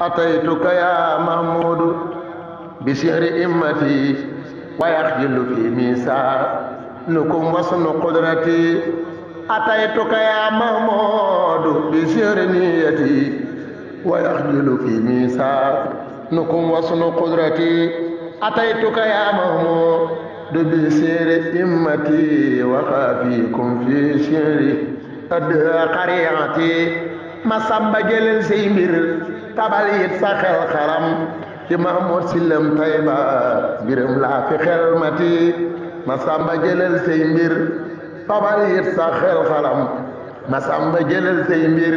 ataytuka ya mahmudu bi sihri immati wa yaxjilu fi misaanukum wasnu qudrati ataytuka ya mahmudu bi sihri niyati wa yaxjilu fi misaanukum wasnu qudrati ataytuka ya mahmudu bi sihri immati wa xaafikum fi sihri adda qariati ma samba jëlel say mbir tabal it sa xel xaram ci Mahmoud Silem Tayba biram laa fi xel mati ma sàmba jëlal say mbir tabal it sa xel xaram ma sàmba jëlal say mbir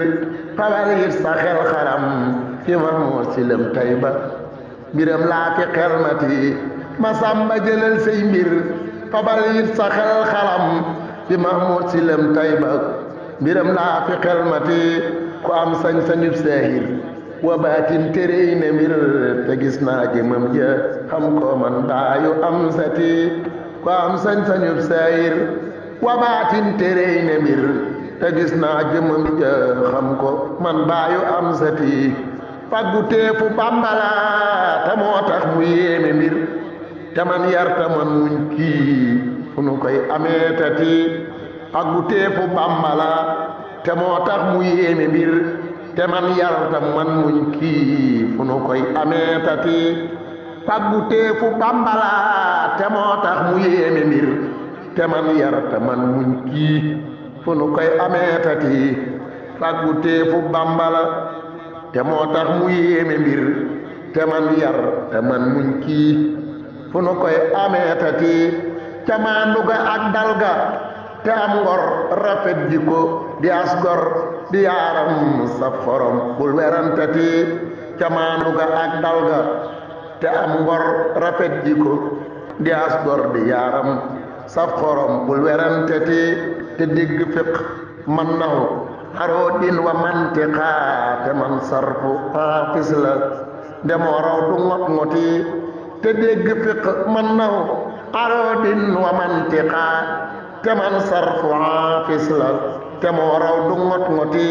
tabal it sa xel xaram ci Mahmoud Silem Tayba biram laa fi xel mati ma sàmba jëlal say mbir tabal it sa xel xaram ci Mahmoud Silem Tayba biram laa fi xel mati ku am sañ-sañu seexir wa baatin te réy mbir te gis naa jëmam ja xam ko man baayu am sati ko am sañ-sañub sayir wa baatin te réy mbir te gis naa jëmam ja xam ko man baayu am sati faggu teefu bambala te moo tax mu yéeme mbir te man yar man muñ kii fu nu koy amee tati faggu teefu bambala te moo tax mu yéeme mbir te man yarta man muñ kii fu nu koy ameetati paggu teefu bambala te moo tax mu yéeme mbir te man yarta man muñ kii fu nu koy ameetati paggu teefu bambala te moo tax mu yéeme mbir te man yar te man muñ kii fu nu koy ameetati ca ga ak dal te am ngor rafet jikko di asgor di yaaram saf xorom bul werantati ca maandu ga ak dal te am ngor rafet jikko di asgor di yaaram saf xorom bul werantati te digg fiq man naw xaroo din wa mantiqa te man sarfu xaafis la demoo raw du ngot ngoti te dégg fiq man naw xaroo din wa mantiqa kaman sarfu aafis la te moo raw du ngot ngoti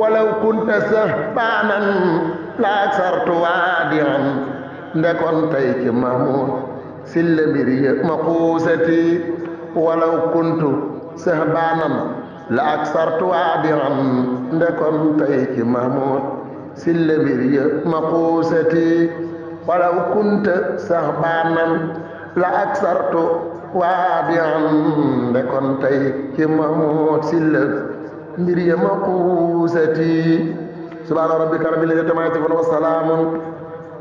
walaw kunta sax baanan laak sartu waadiyan ndekon tey ci mahmud silla mbir yë ma walaw kuntu sax baanan laak sartu waadiyan ndekon tey ci mahmud silla mbir yë ma walaw kunta sax baanan laak waa bi am kon tey ci Mahmoud Sylla mbir ya ma xuusati subhaana rabbika rabbil izzati ammaa yasifuun wa salaamun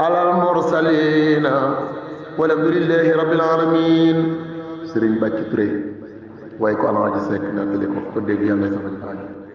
alal mursaliin walhamdulillaahi rabbil aalamiin Sëriñ Bàcc Touré waaye ko Alaaji Seck na ko ko dégg yàlla sama